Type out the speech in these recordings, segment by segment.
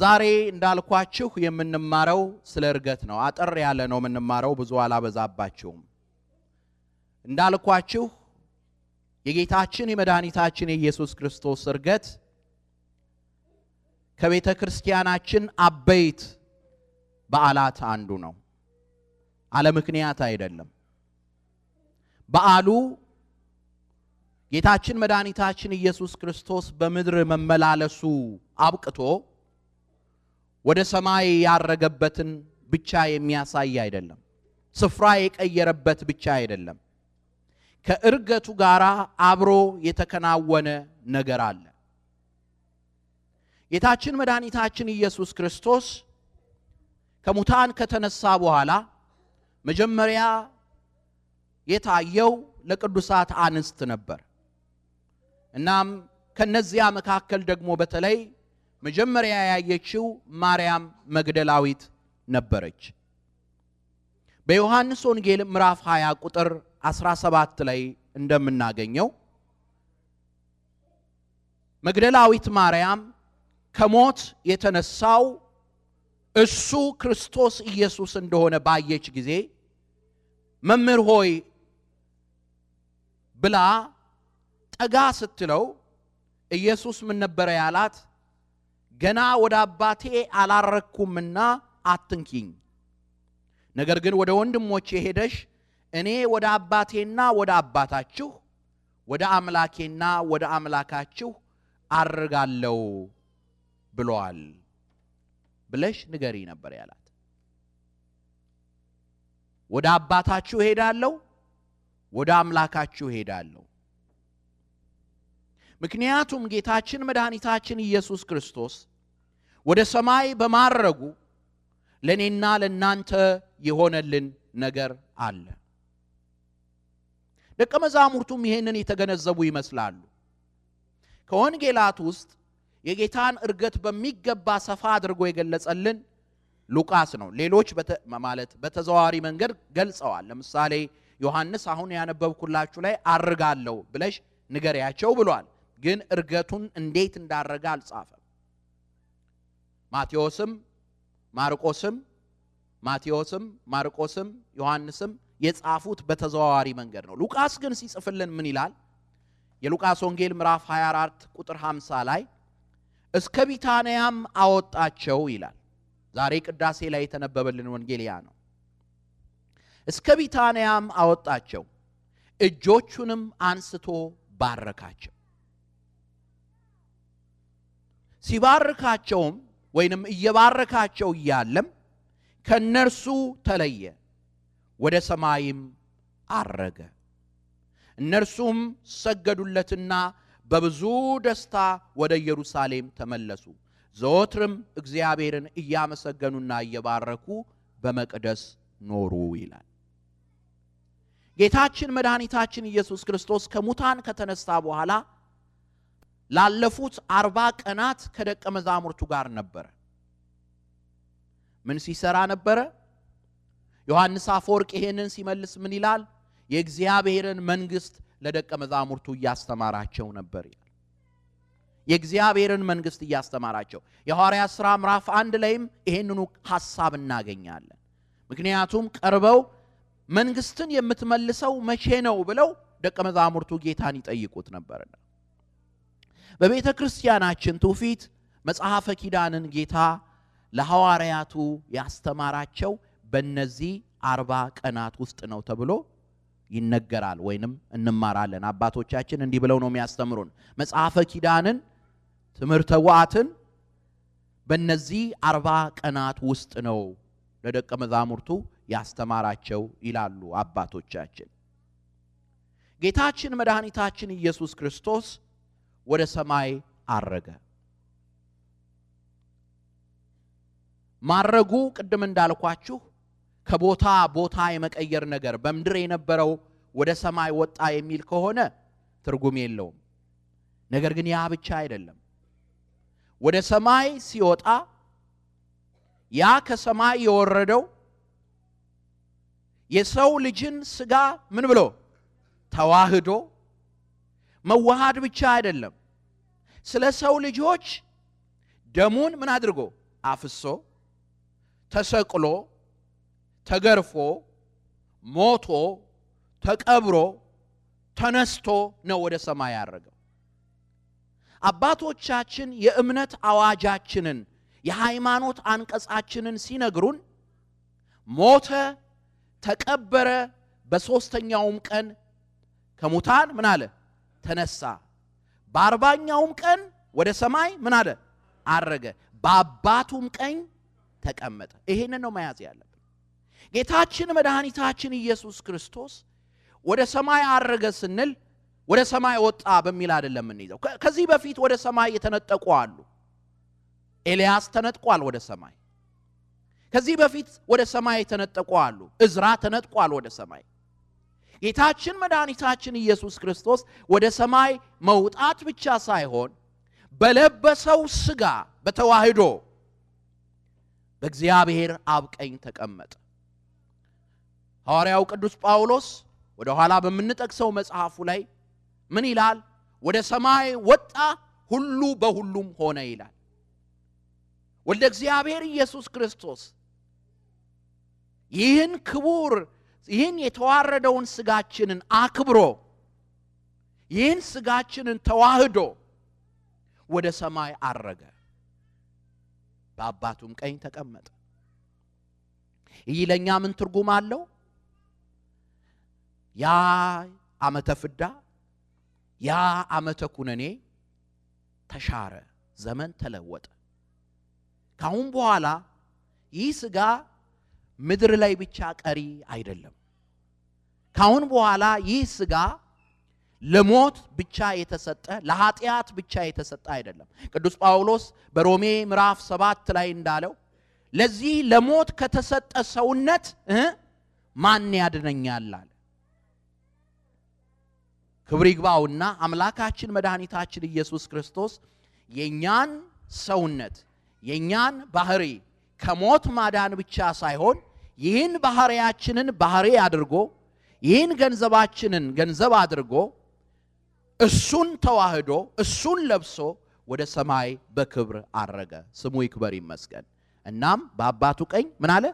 ዛሬ እንዳልኳችሁ የምንማረው ስለ እርገት ነው። አጠር ያለ ነው የምንማረው፣ ብዙ አላበዛባችሁም። እንዳልኳችሁ የጌታችን የመድኃኒታችን የኢየሱስ ክርስቶስ እርገት ከቤተ ክርስቲያናችን አበይት በዓላት አንዱ ነው። አለ ምክንያት አይደለም። በዓሉ ጌታችን መድኃኒታችን ኢየሱስ ክርስቶስ በምድር መመላለሱ አብቅቶ ወደ ሰማይ ያረገበትን ብቻ የሚያሳይ አይደለም። ስፍራ የቀየረበት ብቻ አይደለም። ከእርገቱ ጋር አብሮ የተከናወነ ነገር አለ። ጌታችን መድኃኒታችን ኢየሱስ ክርስቶስ ከሙታን ከተነሳ በኋላ መጀመሪያ የታየው ለቅዱሳት አንስት ነበር። እናም ከነዚያ መካከል ደግሞ በተለይ መጀመሪያ ያየችው ማርያም መግደላዊት ነበረች። በዮሐንስ ወንጌል ምዕራፍ 20 ቁጥር 17 ላይ እንደምናገኘው መግደላዊት ማርያም ከሞት የተነሳው እሱ ክርስቶስ ኢየሱስ እንደሆነ ባየች ጊዜ መምህር ሆይ ብላ ጠጋ ስትለው ኢየሱስ ምን ነበረ ያላት? ገና ወደ አባቴ አላረግኩምና አትንኪኝ። ነገር ግን ወደ ወንድሞቼ ሄደሽ እኔ ወደ አባቴና ወደ አባታችሁ ወደ አምላኬና ወደ አምላካችሁ አርጋለሁ ብለዋል ብለሽ ንገሪ ነበር ያላት። ወደ አባታችሁ ሄዳለሁ፣ ወደ አምላካችሁ ሄዳለሁ ምክንያቱም ጌታችን መድኃኒታችን ኢየሱስ ክርስቶስ ወደ ሰማይ በማረጉ ለእኔና ለእናንተ የሆነልን ነገር አለ። ደቀ መዛሙርቱም ይህንን የተገነዘቡ ይመስላሉ። ከወንጌላት ውስጥ የጌታን እርገት በሚገባ ሰፋ አድርጎ የገለጸልን ሉቃስ ነው። ሌሎች ማለት በተዘዋዋሪ መንገድ ገልጸዋል። ለምሳሌ ዮሐንስ አሁን ያነበብኩላችሁ ላይ አርጋለሁ ብለሽ ንገሪያቸው ብሏል። ግን እርገቱን እንዴት እንዳረገ አልጻፈም። ማቴዎስም ማርቆስም ማቴዎስም ማርቆስም ዮሐንስም የጻፉት በተዘዋዋሪ መንገድ ነው። ሉቃስ ግን ሲጽፍልን ምን ይላል? የሉቃስ ወንጌል ምዕራፍ 24 ቁጥር 50 ላይ እስከ ቢታንያም አወጣቸው ይላል። ዛሬ ቅዳሴ ላይ የተነበበልን ወንጌል ያ ነው። እስከ ቢታንያም አወጣቸው፣ እጆቹንም አንስቶ ባረካቸው። ሲባርካቸውም ወይንም እየባረካቸው እያለም ከእነርሱ ተለየ፣ ወደ ሰማይም አረገ። እነርሱም ሰገዱለትና በብዙ ደስታ ወደ ኢየሩሳሌም ተመለሱ። ዘወትርም እግዚአብሔርን እያመሰገኑና እየባረኩ በመቅደስ ኖሩ ይላል። ጌታችን መድኃኒታችን ኢየሱስ ክርስቶስ ከሙታን ከተነሳ በኋላ ላለፉት አርባ ቀናት ከደቀ መዛሙርቱ ጋር ነበረ። ምን ሲሰራ ነበረ? ዮሐንስ አፈወርቅ ይሄንን ሲመልስ ምን ይላል? የእግዚአብሔርን መንግሥት ለደቀ መዛሙርቱ እያስተማራቸው ነበር ይላል። የእግዚአብሔርን መንግሥት እያስተማራቸው የሐዋርያ ሥራ ምዕራፍ አንድ ላይም ይሄንኑ ሐሳብ እናገኛለን። ምክንያቱም ቀርበው መንግሥትን የምትመልሰው መቼ ነው ብለው ደቀ መዛሙርቱ ጌታን ይጠይቁት ነበርና በቤተ ክርስቲያናችን ትውፊት መጽሐፈ ኪዳንን ጌታ ለሐዋርያቱ ያስተማራቸው በእነዚህ አርባ ቀናት ውስጥ ነው ተብሎ ይነገራል ወይንም እንማራለን። አባቶቻችን እንዲህ ብለው ነው የሚያስተምሩን መጽሐፈ ኪዳንን ትምህርተ ዋዕትን በእነዚህ አርባ ቀናት ውስጥ ነው ለደቀ መዛሙርቱ ያስተማራቸው ይላሉ አባቶቻችን። ጌታችን መድኃኒታችን ኢየሱስ ክርስቶስ ወደ ሰማይ አረገ። ማረጉ ቅድም እንዳልኳችሁ ከቦታ ቦታ የመቀየር ነገር በምድር የነበረው ወደ ሰማይ ወጣ የሚል ከሆነ ትርጉም የለውም። ነገር ግን ያ ብቻ አይደለም። ወደ ሰማይ ሲወጣ ያ ከሰማይ የወረደው የሰው ልጅን ስጋ ምን ብሎ ተዋህዶ መዋሃድ ብቻ አይደለም ስለ ሰው ልጆች ደሙን ምን አድርጎ አፍሶ ተሰቅሎ ተገርፎ ሞቶ ተቀብሮ ተነስቶ ነው ወደ ሰማይ ያደረገው አባቶቻችን የእምነት አዋጃችንን የሃይማኖት አንቀጻችንን ሲነግሩን ሞተ ተቀበረ በሦስተኛውም ቀን ከሙታን ምን አለ ተነሳ። በአርባኛውም ቀን ወደ ሰማይ ምን አለ አረገ፣ በአባቱም ቀኝ ተቀመጠ። ይሄንን ነው መያዝ ያለብን። ጌታችን መድኃኒታችን ኢየሱስ ክርስቶስ ወደ ሰማይ አረገ ስንል ወደ ሰማይ ወጣ በሚል አይደለም የምንይዘው። ከዚህ በፊት ወደ ሰማይ የተነጠቁ አሉ። ኤልያስ ተነጥቋል ወደ ሰማይ። ከዚህ በፊት ወደ ሰማይ የተነጠቁ አሉ። እዝራ ተነጥቋል ወደ ሰማይ። ጌታችን መድኃኒታችን ኢየሱስ ክርስቶስ ወደ ሰማይ መውጣት ብቻ ሳይሆን በለበሰው ስጋ በተዋህዶ በእግዚአብሔር አብቀኝ ተቀመጠ። ሐዋርያው ቅዱስ ጳውሎስ ወደ ኋላ በምንጠቅሰው መጽሐፉ ላይ ምን ይላል? ወደ ሰማይ ወጣ፣ ሁሉ በሁሉም ሆነ ይላል። ወልደ እግዚአብሔር ኢየሱስ ክርስቶስ ይህን ክቡር ይህን የተዋረደውን ስጋችንን አክብሮ ይህን ስጋችንን ተዋህዶ ወደ ሰማይ አረገ፣ በአባቱም ቀኝ ተቀመጠ። ይህ ለእኛ ምን ትርጉም አለው? ያ አመተ ፍዳ፣ ያ አመተ ኩነኔ ተሻረ፣ ዘመን ተለወጠ። ካሁን በኋላ ይህ ስጋ ምድር ላይ ብቻ ቀሪ አይደለም። ካሁን በኋላ ይህ ስጋ ለሞት ብቻ የተሰጠ ለኃጢአት ብቻ የተሰጠ አይደለም። ቅዱስ ጳውሎስ በሮሜ ምዕራፍ ሰባት ላይ እንዳለው ለዚህ ለሞት ከተሰጠ ሰውነት ማን ያድነኛል አለ። ክብር ይግባውና አምላካችን መድኃኒታችን ኢየሱስ ክርስቶስ የእኛን ሰውነት የእኛን ባህሪ ከሞት ማዳን ብቻ ሳይሆን ይህን ባህሪያችንን ባህሪ አድርጎ ይህን ገንዘባችንን ገንዘብ አድርጎ እሱን ተዋህዶ እሱን ለብሶ ወደ ሰማይ በክብር አረገ። ስሙ ይክበር ይመስገን። እናም በአባቱ ቀኝ ምን አለ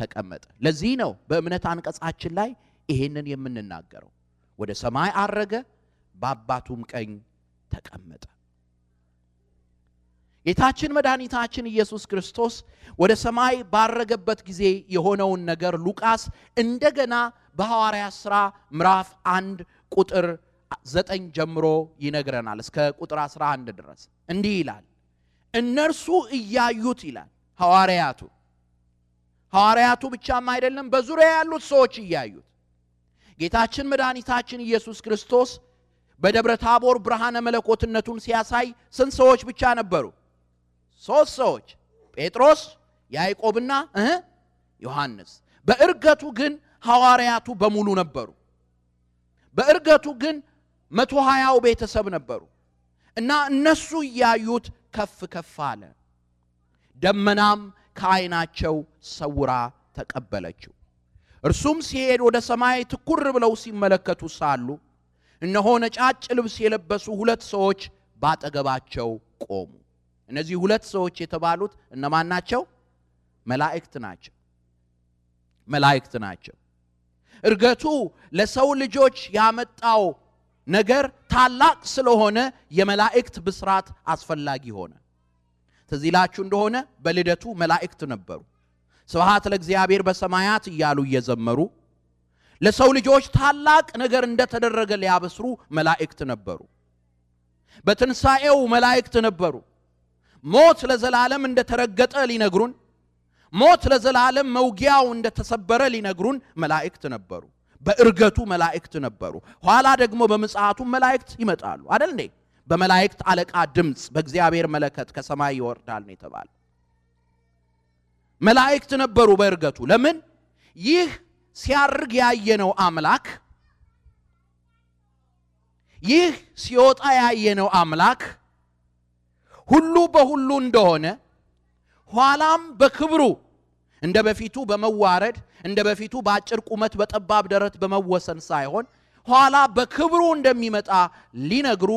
ተቀመጠ። ለዚህ ነው በእምነት አንቀጻችን ላይ ይሄንን የምንናገረው። ወደ ሰማይ አረገ፣ በአባቱም ቀኝ ተቀመጠ። ጌታችን መድኃኒታችን ኢየሱስ ክርስቶስ ወደ ሰማይ ባረገበት ጊዜ የሆነውን ነገር ሉቃስ እንደገና በሐዋርያ ሥራ ምዕራፍ አንድ ቁጥር ዘጠኝ ጀምሮ ይነግረናል እስከ ቁጥር 11 ድረስ እንዲህ ይላል እነርሱ እያዩት ይላል ሐዋርያቱ ሐዋርያቱ ብቻም አይደለም በዙሪያ ያሉት ሰዎች እያዩት ጌታችን መድኃኒታችን ኢየሱስ ክርስቶስ በደብረ ታቦር ብርሃነ መለኮትነቱን ሲያሳይ ስንት ሰዎች ብቻ ነበሩ? ሶስት ሰዎች ጴጥሮስ፣ ያዕቆብና ዮሐንስ። በእርገቱ ግን ሐዋርያቱ በሙሉ ነበሩ። በእርገቱ ግን መቶ ሀያው ቤተሰብ ነበሩ እና እነሱ እያዩት ከፍ ከፍ አለ። ደመናም ከዐይናቸው ሰውራ ተቀበለችው። እርሱም ሲሄድ ወደ ሰማይ ትኩር ብለው ሲመለከቱ ሳሉ እነሆ ነጫጭ ልብስ የለበሱ ሁለት ሰዎች ባጠገባቸው ቆሙ። እነዚህ ሁለት ሰዎች የተባሉት እነማን ናቸው? መላእክት ናቸው። መላእክት ናቸው። እርገቱ ለሰው ልጆች ያመጣው ነገር ታላቅ ስለሆነ የመላእክት ብስራት አስፈላጊ ሆነ። ትዝ ይላችሁ እንደሆነ በልደቱ መላእክት ነበሩ። ስብሐት ለእግዚአብሔር በሰማያት እያሉ እየዘመሩ ለሰው ልጆች ታላቅ ነገር እንደተደረገ ሊያበስሩ መላእክት ነበሩ። በትንሣኤው መላእክት ነበሩ። ሞት ለዘላለም እንደተረገጠ ሊነግሩን፣ ሞት ለዘላለም መውጊያው እንደተሰበረ ሊነግሩን መላእክት ነበሩ። በእርገቱ መላእክት ነበሩ። ኋላ ደግሞ በምጽአቱ መላእክት ይመጣሉ አደል እንዴ? በመላእክት አለቃ ድምፅ በእግዚአብሔር መለከት ከሰማይ ይወርዳል ነው የተባለ። መላእክት ነበሩ በእርገቱ። ለምን? ይህ ሲያርግ ያየነው አምላክ ይህ ሲወጣ ያየነው አምላክ ሁሉ በሁሉ እንደሆነ ኋላም በክብሩ እንደ በፊቱ በመዋረድ እንደ በፊቱ በአጭር ቁመት በጠባብ ደረት በመወሰን ሳይሆን ኋላ በክብሩ እንደሚመጣ ሊነግሩ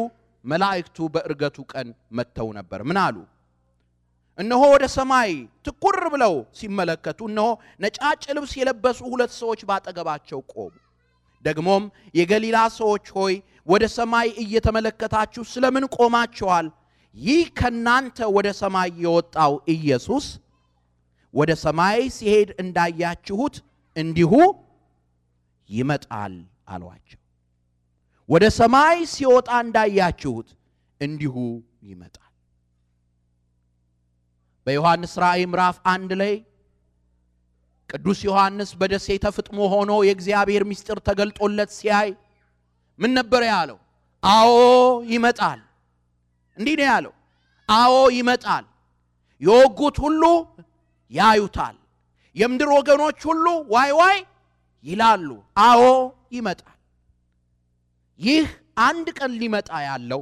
መላእክቱ በእርገቱ ቀን መጥተው ነበር። ምን አሉ? እነሆ ወደ ሰማይ ትኩር ብለው ሲመለከቱ እነሆ ነጫጭ ልብስ የለበሱ ሁለት ሰዎች ባጠገባቸው ቆሙ። ደግሞም የገሊላ ሰዎች ሆይ ወደ ሰማይ እየተመለከታችሁ ስለምን ቆማችኋል? ይህ ከናንተ ወደ ሰማይ የወጣው ኢየሱስ ወደ ሰማይ ሲሄድ እንዳያችሁት እንዲሁ ይመጣል አሏቸው። ወደ ሰማይ ሲወጣ እንዳያችሁት እንዲሁ ይመጣል። በዮሐንስ ራእይ ምዕራፍ አንድ ላይ ቅዱስ ዮሐንስ በደሴተ ፍጥሞ ሆኖ የእግዚአብሔር ምስጢር ተገልጦለት ሲያይ ምን ነበር ያለው? አዎ ይመጣል እንዲህ ነው ያለው አዎ ይመጣል የወጉት ሁሉ ያዩታል የምድር ወገኖች ሁሉ ዋይ ዋይ ይላሉ አዎ ይመጣል ይህ አንድ ቀን ሊመጣ ያለው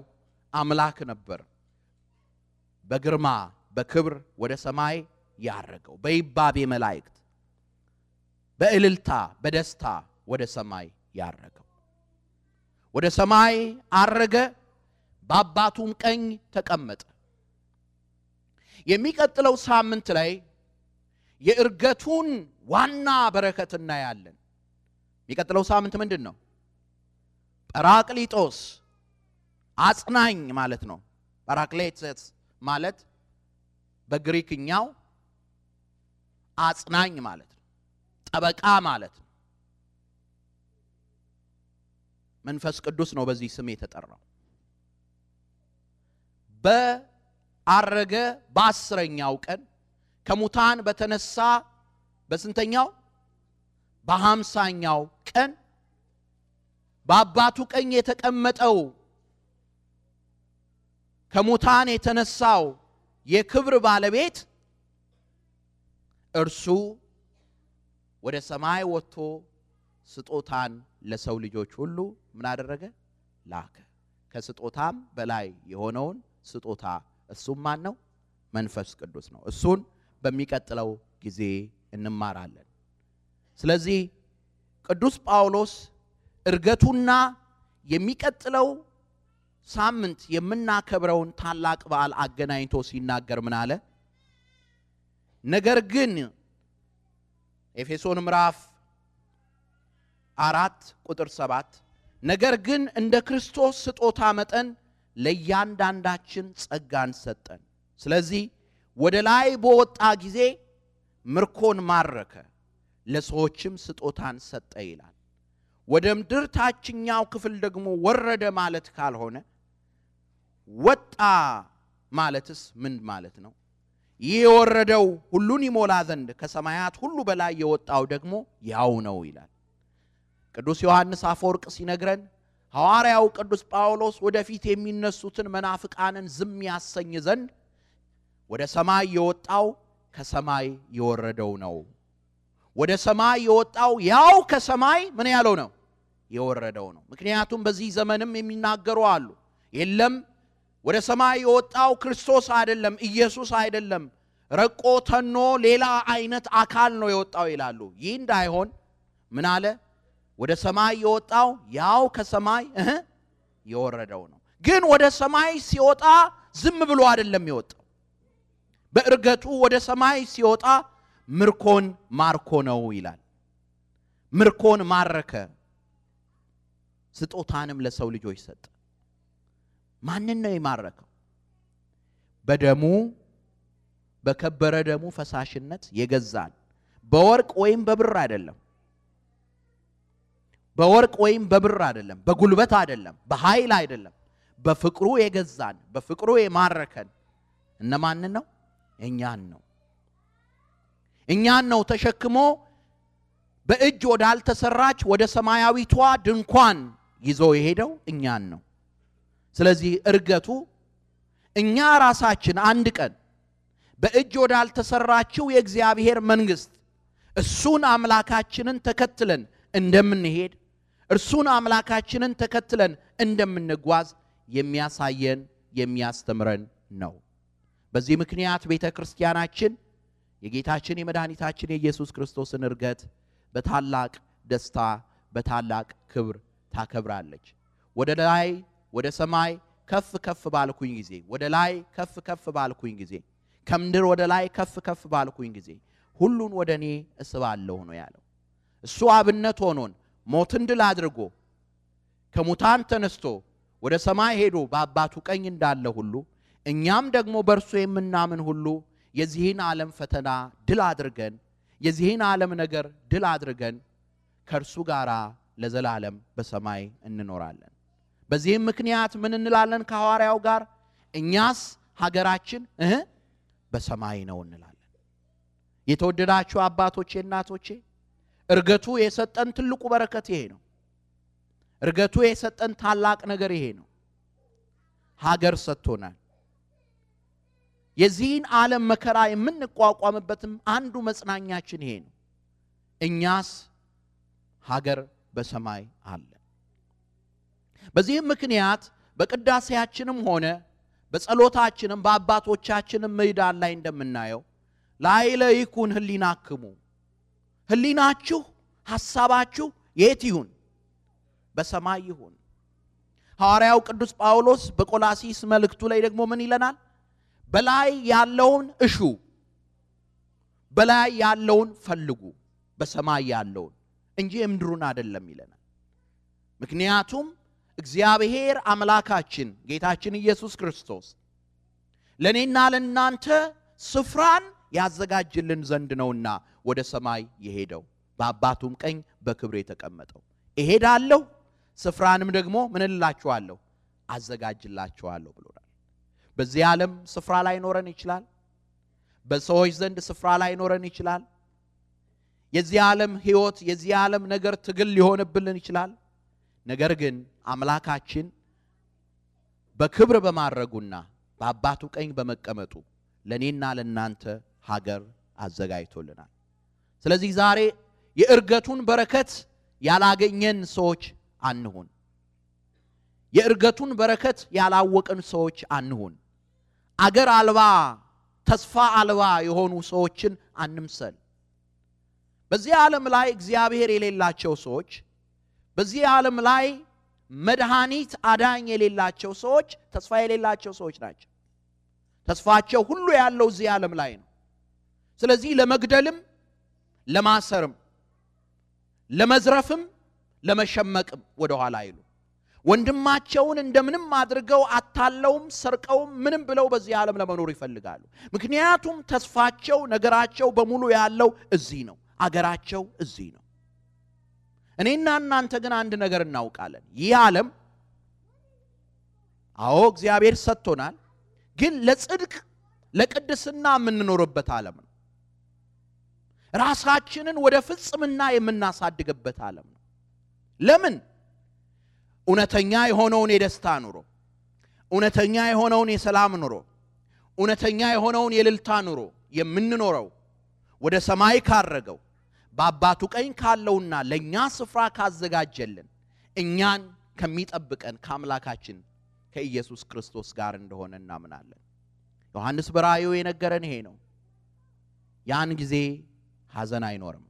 አምላክ ነበር በግርማ በክብር ወደ ሰማይ ያረገው በይባቤ መላእክት በእልልታ በደስታ ወደ ሰማይ ያረገው ወደ ሰማይ አረገ በአባቱም ቀኝ ተቀመጠ። የሚቀጥለው ሳምንት ላይ የእርገቱን ዋና በረከት እናያለን። የሚቀጥለው ሳምንት ምንድን ነው? ጰራቅሊጦስ አጽናኝ ማለት ነው። ጰራቅሌተስ ማለት በግሪክኛው አጽናኝ ማለት ነው፣ ጠበቃ ማለት ነው። መንፈስ ቅዱስ ነው በዚህ ስም የተጠራው። በአረገ በአስረኛው ቀን ከሙታን በተነሳ በስንተኛው በሀምሳኛው ቀን በአባቱ ቀኝ የተቀመጠው ከሙታን የተነሳው የክብር ባለቤት እርሱ ወደ ሰማይ ወጥቶ ስጦታን ለሰው ልጆች ሁሉ ምን አደረገ? ላከ። ከስጦታም በላይ የሆነውን ስጦታ እሱም ማን ነው? መንፈስ ቅዱስ ነው። እሱን በሚቀጥለው ጊዜ እንማራለን። ስለዚህ ቅዱስ ጳውሎስ እርገቱና የሚቀጥለው ሳምንት የምናከብረውን ታላቅ በዓል አገናኝቶ ሲናገር ምን አለ? ነገር ግን ኤፌሶን ምዕራፍ አራት ቁጥር ሰባት ነገር ግን እንደ ክርስቶስ ስጦታ መጠን ለእያንዳንዳችን ጸጋን ሰጠን። ስለዚህ ወደ ላይ በወጣ ጊዜ ምርኮን ማረከ፣ ለሰዎችም ስጦታን ሰጠ ይላል። ወደ ምድር ታችኛው ክፍል ደግሞ ወረደ ማለት ካልሆነ ወጣ ማለትስ ምን ማለት ነው? ይህ የወረደው ሁሉን ይሞላ ዘንድ ከሰማያት ሁሉ በላይ የወጣው ደግሞ ያው ነው ይላል። ቅዱስ ዮሐንስ አፈወርቅ ሲነግረን ሐዋርያው ቅዱስ ጳውሎስ ወደፊት የሚነሱትን መናፍቃንን ዝም ያሰኝ ዘንድ ወደ ሰማይ የወጣው ከሰማይ የወረደው ነው። ወደ ሰማይ የወጣው ያው ከሰማይ ምን ያለው ነው? የወረደው ነው። ምክንያቱም በዚህ ዘመንም የሚናገሩ አሉ። የለም ወደ ሰማይ የወጣው ክርስቶስ አይደለም፣ ኢየሱስ አይደለም፣ ረቆ ተኖ ሌላ አይነት አካል ነው የወጣው ይላሉ። ይህ እንዳይሆን ምን አለ? ወደ ሰማይ የወጣው ያው ከሰማይ የወረደው ነው። ግን ወደ ሰማይ ሲወጣ ዝም ብሎ አይደለም የወጣው። በእርገቱ ወደ ሰማይ ሲወጣ ምርኮን ማርኮ ነው ይላል። ምርኮን ማረከ፣ ስጦታንም ለሰው ልጆች ሰጠ። ማንን ነው የማረከው? በደሙ በከበረ ደሙ ፈሳሽነት የገዛን በወርቅ ወይም በብር አይደለም በወርቅ ወይም በብር አይደለም፣ በጉልበት አይደለም፣ በኃይል አይደለም። በፍቅሩ የገዛን በፍቅሩ የማረከን እነማንን ነው? እኛን ነው። እኛን ነው ተሸክሞ በእጅ ወዳልተሰራች ወደ ሰማያዊቷ ድንኳን ይዞ የሄደው እኛን ነው። ስለዚህ እርገቱ እኛ ራሳችን አንድ ቀን በእጅ ወዳልተሰራችው የእግዚአብሔር መንግሥት እሱን አምላካችንን ተከትለን እንደምንሄድ እርሱን አምላካችንን ተከትለን እንደምንጓዝ የሚያሳየን የሚያስተምረን ነው። በዚህ ምክንያት ቤተ ክርስቲያናችን የጌታችን የመድኃኒታችን የኢየሱስ ክርስቶስን እርገት በታላቅ ደስታ በታላቅ ክብር ታከብራለች። ወደ ላይ ወደ ሰማይ ከፍ ከፍ ባልኩኝ ጊዜ ወደ ላይ ከፍ ከፍ ባልኩኝ ጊዜ ከምድር ወደ ላይ ከፍ ከፍ ባልኩኝ ጊዜ ሁሉን ወደ እኔ እስባለሁ ነው ያለው። እሱ አብነት ሆኖን ሞትን ድል አድርጎ ከሙታን ተነስቶ ወደ ሰማይ ሄዶ በአባቱ ቀኝ እንዳለ ሁሉ እኛም ደግሞ በእርሱ የምናምን ሁሉ የዚህን ዓለም ፈተና ድል አድርገን የዚህን ዓለም ነገር ድል አድርገን ከእርሱ ጋር ለዘላለም በሰማይ እንኖራለን። በዚህም ምክንያት ምን እንላለን? ከሐዋርያው ጋር እኛስ ሀገራችን እህ በሰማይ ነው እንላለን። የተወደዳችሁ አባቶቼ እናቶቼ እርገቱ የሰጠን ትልቁ በረከት ይሄ ነው። እርገቱ የሰጠን ታላቅ ነገር ይሄ ነው። ሀገር ሰጥቶናል። የዚህን ዓለም መከራ የምንቋቋምበትም አንዱ መጽናኛችን ይሄ ነው። እኛስ ሀገር በሰማይ አለ። በዚህም ምክንያት በቅዳሴያችንም ሆነ በጸሎታችንም በአባቶቻችንም ምዕዳን ላይ እንደምናየው ላይለ ይኩን ህሊናክሙ ህሊናችሁ፣ ሐሳባችሁ የት ይሁን? በሰማይ ይሁን። ሐዋርያው ቅዱስ ጳውሎስ በቆላሲስ መልእክቱ ላይ ደግሞ ምን ይለናል? በላይ ያለውን እሹ፣ በላይ ያለውን ፈልጉ፣ በሰማይ ያለውን እንጂ የምድሩን አይደለም ይለናል። ምክንያቱም እግዚአብሔር አምላካችን ጌታችን ኢየሱስ ክርስቶስ ለእኔና ለእናንተ ስፍራን ያዘጋጅልን ዘንድ ነውና ወደ ሰማይ የሄደው በአባቱም ቀኝ በክብር የተቀመጠው እሄዳለሁ ስፍራንም ደግሞ ምንላችኋለሁ አዘጋጅላችኋለሁ ብሎናል። በዚህ ዓለም ስፍራ ላይ ኖረን ይችላል። በሰዎች ዘንድ ስፍራ ላይ ኖረን ይችላል። የዚህ ዓለም ሕይወት፣ የዚህ ዓለም ነገር ትግል ሊሆንብልን ይችላል። ነገር ግን አምላካችን በክብር በማድረጉና በአባቱ ቀኝ በመቀመጡ ለእኔና ለእናንተ ሀገር አዘጋጅቶልናል። ስለዚህ ዛሬ የእርገቱን በረከት ያላገኘን ሰዎች አንሁን። የእርገቱን በረከት ያላወቅን ሰዎች አንሁን። አገር አልባ ተስፋ አልባ የሆኑ ሰዎችን አንምሰል። በዚህ ዓለም ላይ እግዚአብሔር የሌላቸው ሰዎች፣ በዚህ ዓለም ላይ መድኃኒት አዳኝ የሌላቸው ሰዎች፣ ተስፋ የሌላቸው ሰዎች ናቸው። ተስፋቸው ሁሉ ያለው እዚህ ዓለም ላይ ነው። ስለዚህ ለመግደልም ለማሰርም ለመዝረፍም ለመሸመቅም ወደ ኋላ አይሉ ወንድማቸውን እንደምንም አድርገው አታለውም ሰርቀውም ምንም ብለው በዚህ ዓለም ለመኖር ይፈልጋሉ ምክንያቱም ተስፋቸው ነገራቸው በሙሉ ያለው እዚህ ነው አገራቸው እዚህ ነው እኔና እናንተ ግን አንድ ነገር እናውቃለን ይህ ዓለም አዎ እግዚአብሔር ሰጥቶናል ግን ለጽድቅ ለቅድስና የምንኖርበት ዓለም ነው ራሳችንን ወደ ፍጽምና የምናሳድግበት ዓለም ነው። ለምን? እውነተኛ የሆነውን የደስታ ኑሮ፣ እውነተኛ የሆነውን የሰላም ኑሮ፣ እውነተኛ የሆነውን የልልታ ኑሮ የምንኖረው ወደ ሰማይ ካረገው በአባቱ ቀኝ ካለውና ለእኛ ስፍራ ካዘጋጀልን እኛን ከሚጠብቀን ከአምላካችን ከኢየሱስ ክርስቶስ ጋር እንደሆነ እናምናለን። ዮሐንስ በራእዩ የነገረን ይሄ ነው። ያን ጊዜ ሐዘን አይኖርም።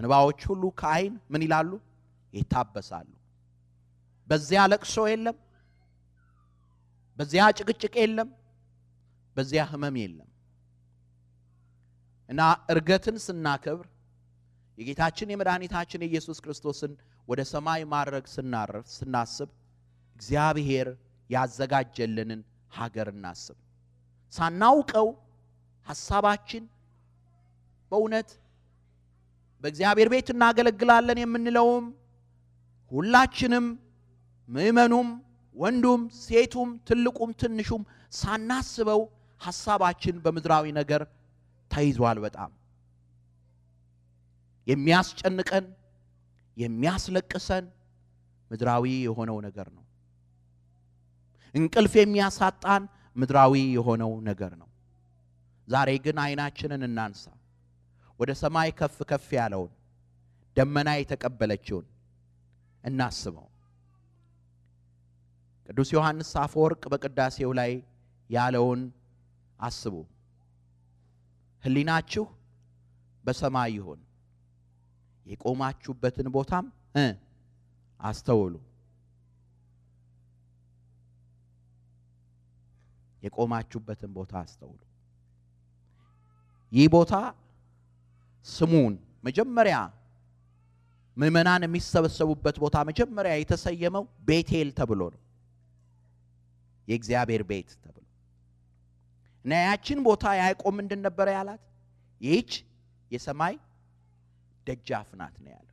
እንባዎች ሁሉ ከአይን ምን ይላሉ? ይታበሳሉ። በዚያ ለቅሶ የለም፣ በዚያ ጭቅጭቅ የለም፣ በዚያ ህመም የለም። እና እርገትን ስናከብር የጌታችን የመድኃኒታችን የኢየሱስ ክርስቶስን ወደ ሰማይ ማድረግ ስናርፍ ስናስብ እግዚአብሔር ያዘጋጀልንን ሀገር እናስብ። ሳናውቀው ሐሳባችን በእውነት በእግዚአብሔር ቤት እናገለግላለን የምንለውም ሁላችንም ምእመኑም፣ ወንዱም፣ ሴቱም፣ ትልቁም፣ ትንሹም ሳናስበው ሐሳባችን በምድራዊ ነገር ተይዟል። በጣም የሚያስጨንቀን የሚያስለቅሰን ምድራዊ የሆነው ነገር ነው። እንቅልፍ የሚያሳጣን ምድራዊ የሆነው ነገር ነው። ዛሬ ግን አይናችንን እናንሳ። ወደ ሰማይ ከፍ ከፍ ያለውን ደመና የተቀበለችውን እናስበው። ቅዱስ ዮሐንስ አፈወርቅ በቅዳሴው ላይ ያለውን አስቡ። ህሊናችሁ በሰማይ ይሁን፣ የቆማችሁበትን ቦታም አስተውሉ። የቆማችሁበትን ቦታ አስተውሉ። ይህ ቦታ ስሙን መጀመሪያ ምእመናን የሚሰበሰቡበት ቦታ መጀመሪያ የተሰየመው ቤቴል ተብሎ ነው። የእግዚአብሔር ቤት ተብሎ እና ያችን ቦታ ያዕቆብ ምንድን ነበረ ያላት? ይህች የሰማይ ደጃፍ ናት ነው ያለው።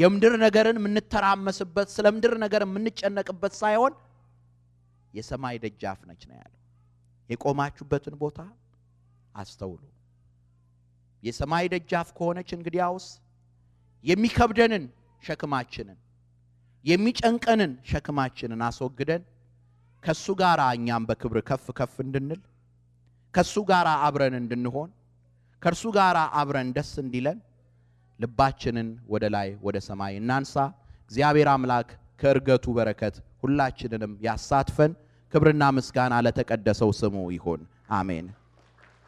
የምድር ነገርን የምንተራመስበት ስለ ምድር ነገር የምንጨነቅበት ሳይሆን የሰማይ ደጃፍ ነች ነው ያለው። የቆማችሁበትን ቦታ አስተውሉ። የሰማይ ደጃፍ ከሆነች እንግዲያውስ የሚከብደንን ሸክማችንን የሚጨንቀንን ሸክማችንን አስወግደን ከሱ ጋር እኛም በክብር ከፍ ከፍ እንድንል ከሱ ጋር አብረን እንድንሆን ከእርሱ ጋር አብረን ደስ እንዲለን ልባችንን ወደ ላይ ወደ ሰማይ እናንሳ። እግዚአብሔር አምላክ ከእርገቱ በረከት ሁላችንንም ያሳትፈን። ክብርና ምስጋና ለተቀደሰው ስሙ ይሁን። አሜን።